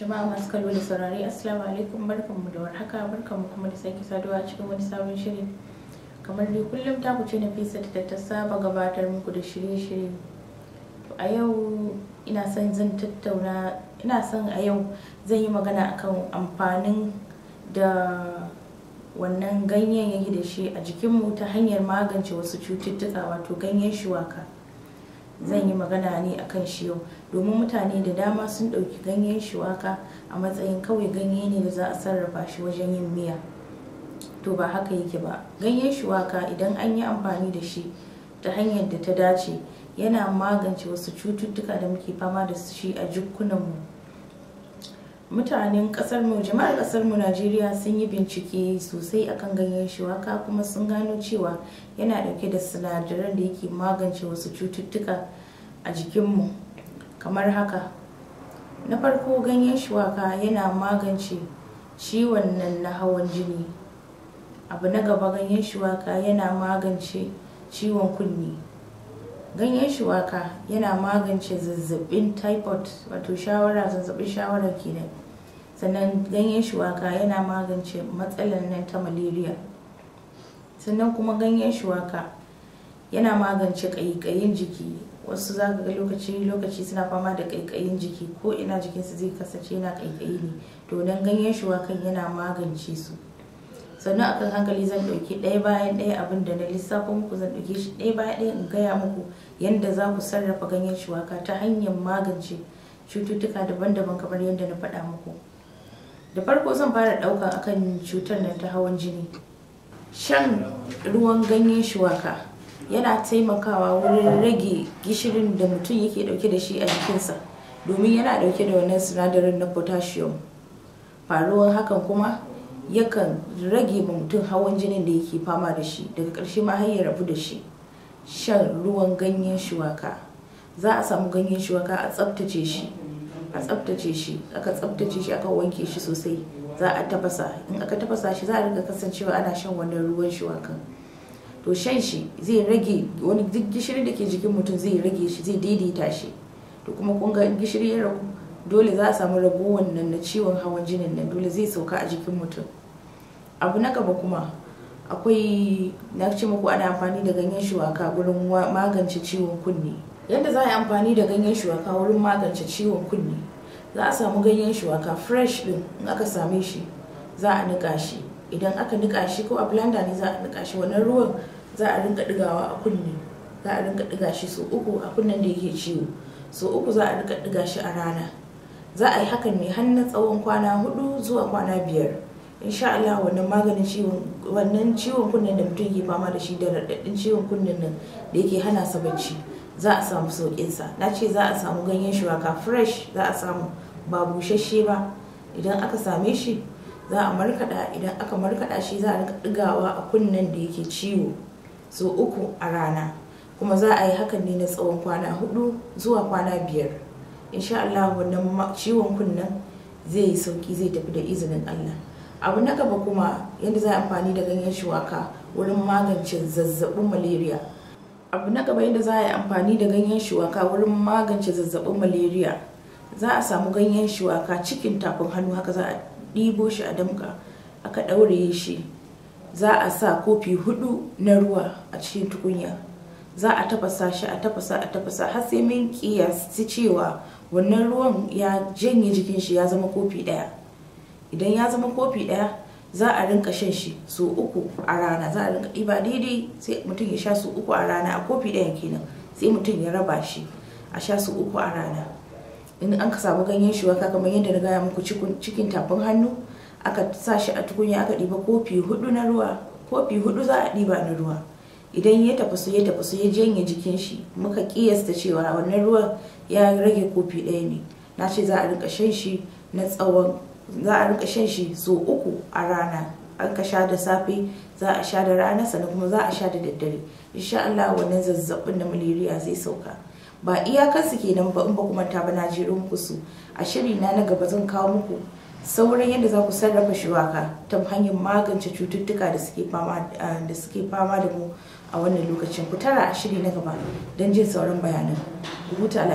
jama'a masu kallo da saurari assalamu alaikum barkanmu da warhaka barkanmu kuma da sake saduwa cikin wani sabon shiri kamar dai kullum ta kuce na fisa da ta saba gabatar muku da shirye-shirye a yau ina son zan tattauna ina son a yau zan yi magana akan amfanin da wannan ganyen yake da shi a jikinmu ta hanyar magance wasu cututtuka wato ganyen shuwaka zan yi magana ne akan shi yau domin mutane da dama sun ɗauki ganyen shuwaka a matsayin kawai ganye ne da za a sarrafa shi wajen yin miya to ba haka yake ba ganyen shuwaka idan an yi amfani da shi ta hanyar da ta dace yana magance wasu cututtuka da muke fama da shi a jikunanmu mutanen kasar mu jama'ar kasar mu Najeriya sun yi bincike sosai akan ganyen shiwaka kuma sun gano cewa yana dauke da sinadaran da yake magance wasu cututtuka a jikinmu kamar haka na farko ganyen shiwaka yana magance ciwon nan na hawan jini abu na gaba ganyen shiwaka yana magance ciwon kunne ganyen shuwaka yana magance zazzabin typhoid wato shawara zazzabin shawara kenan sannan ganyen shuwaka yana magance matsalar nan ta malaria sannan kuma ganyen shuwaka yana magance ƙaiƙayin jiki wasu za ka ga lokaci lokaci suna fama da ƙaiƙayin jiki ko ina jikinsu zai kasance yana ƙaiƙayi ne to ganyen shuwakan yana magance su sannu akan hankali zan ɗauki ɗaya bayan ɗaya abin da na lissafa muku zan ɗauke shi ɗaya bayan ɗaya in gaya muku yadda za ku sarrafa ganyen shuwaka ta hanyar magance cututtuka daban-daban kamar yadda na faɗa muku da farko zan fara ɗaukan akan cutar nan ta hawan jini shan ruwan ganyen shuwaka yana taimakawa wurin rage gishirin da mutum yake ɗauke da shi a jikinsa domin yana ɗauke da wannan sinadarin na potassium faruwar hakan kuma yakan rage ma mutum hawan jinin da yake fama da shi daga ƙarshe ma har ya rabu da shi shan ruwan ganyen shuwaka za a samu ganyen shuwaka a tsaftace shi a tsaftace shi aka tsaftace shi aka wanke shi sosai za a tafasa in aka tafasa shi za a riga kasancewa ana shan wannan ruwan shuwakan to shan shi zai rage wani duk gishiri da ke jikin mutum zai rage shi zai daidaita shi to kuma kun ga gishiri ya ragu dole za a samu raguwan nan na ciwon hawan jinin nan dole zai sauka a jikin mutum abu na gaba kuma akwai na ce muku ana amfani da ganyen shuwaka wurin magance ciwon kunne yadda za a yi amfani da ganyen shuwaka wurin magance ciwon kunne za a samu ganyen shuwaka fresh din in aka same shi za a nika shi idan aka nika shi ko a blanda ne za a nika shi wannan ruwan za a rinka digawa a kunne za a rinka diga shi sau uku a kunnen da yake ciwo sau uku za a rinka diga shi a rana za a yi hakan ne har na tsawon kwana hudu zuwa kwana biyar insha Allah wannan maganin ciwon wannan ciwon kunnen da mutum ke fama da shi da raɗaɗin ciwon kunnen nan da yake hana sa bacci za a samu saukin sa na ce za a samu ganyen shuwaka fresh za a samu ba bushashe ba idan aka same shi za a markaɗa idan aka markaɗa shi za a rika digawa a kunnen da yake ciwo so uku a rana kuma za a yi hakan ne na tsawon kwana hudu zuwa kwana biyar insha Allah wannan ciwon kunnen zai yi sauki zai tafi da izinin Allah abu na gaba kuma yadda za a amfani da ganyen shuwaka wurin magance zazzabin malaria abu na gaba yadda za a yi amfani da ganyen shuwaka wurin magance zazzabin malaria za a samu ganyen shuwaka cikin tafin hannu haka za a ɗibo shi a damka aka ɗaure shi za a sa kofi hudu na ruwa a cikin tukunya za a tafasa shi a tafasa a tafasa har sai mun kiyasci cewa wannan ruwan ya janye jikin shi ya zama kofi daya idan ya zama kofi daya za a rinka shan shi su uku a rana za a rinka ɗiba daidai sai mutum ya sha su uku a rana a kofi daya kenan sai mutum ya raba shi a sha su uku a rana in an ka samu ganyen shuwaka kamar yadda na gaya muku cikin tafin hannu aka sa shi a tukunya aka ɗiba kofi hudu na ruwa kofi hudu za a ɗiba na ruwa idan ya tafaso ya tafaso ya janye jikin shi muka kiyasta cewa wannan ruwan ya rage kofi ɗaya ne na ce za a rinka shan shi na tsawon za a rinka shan shi so uku a rana an ka sha da safe za a sha da rana sannan kuma za a sha da daddare insha Allah wannan zazzabin na malaria zai sauka ba iyakansu kenan ba in ba kuma ta ba na jero ku su a shiri na na gaba zan kawo muku sauran yadda za ku sarrafa shuwaka ta hanyar magance cututtuka da suke fama eh, da mu a wannan lokacin ku tara shiri na gaba don jin sauran bayanan ku huta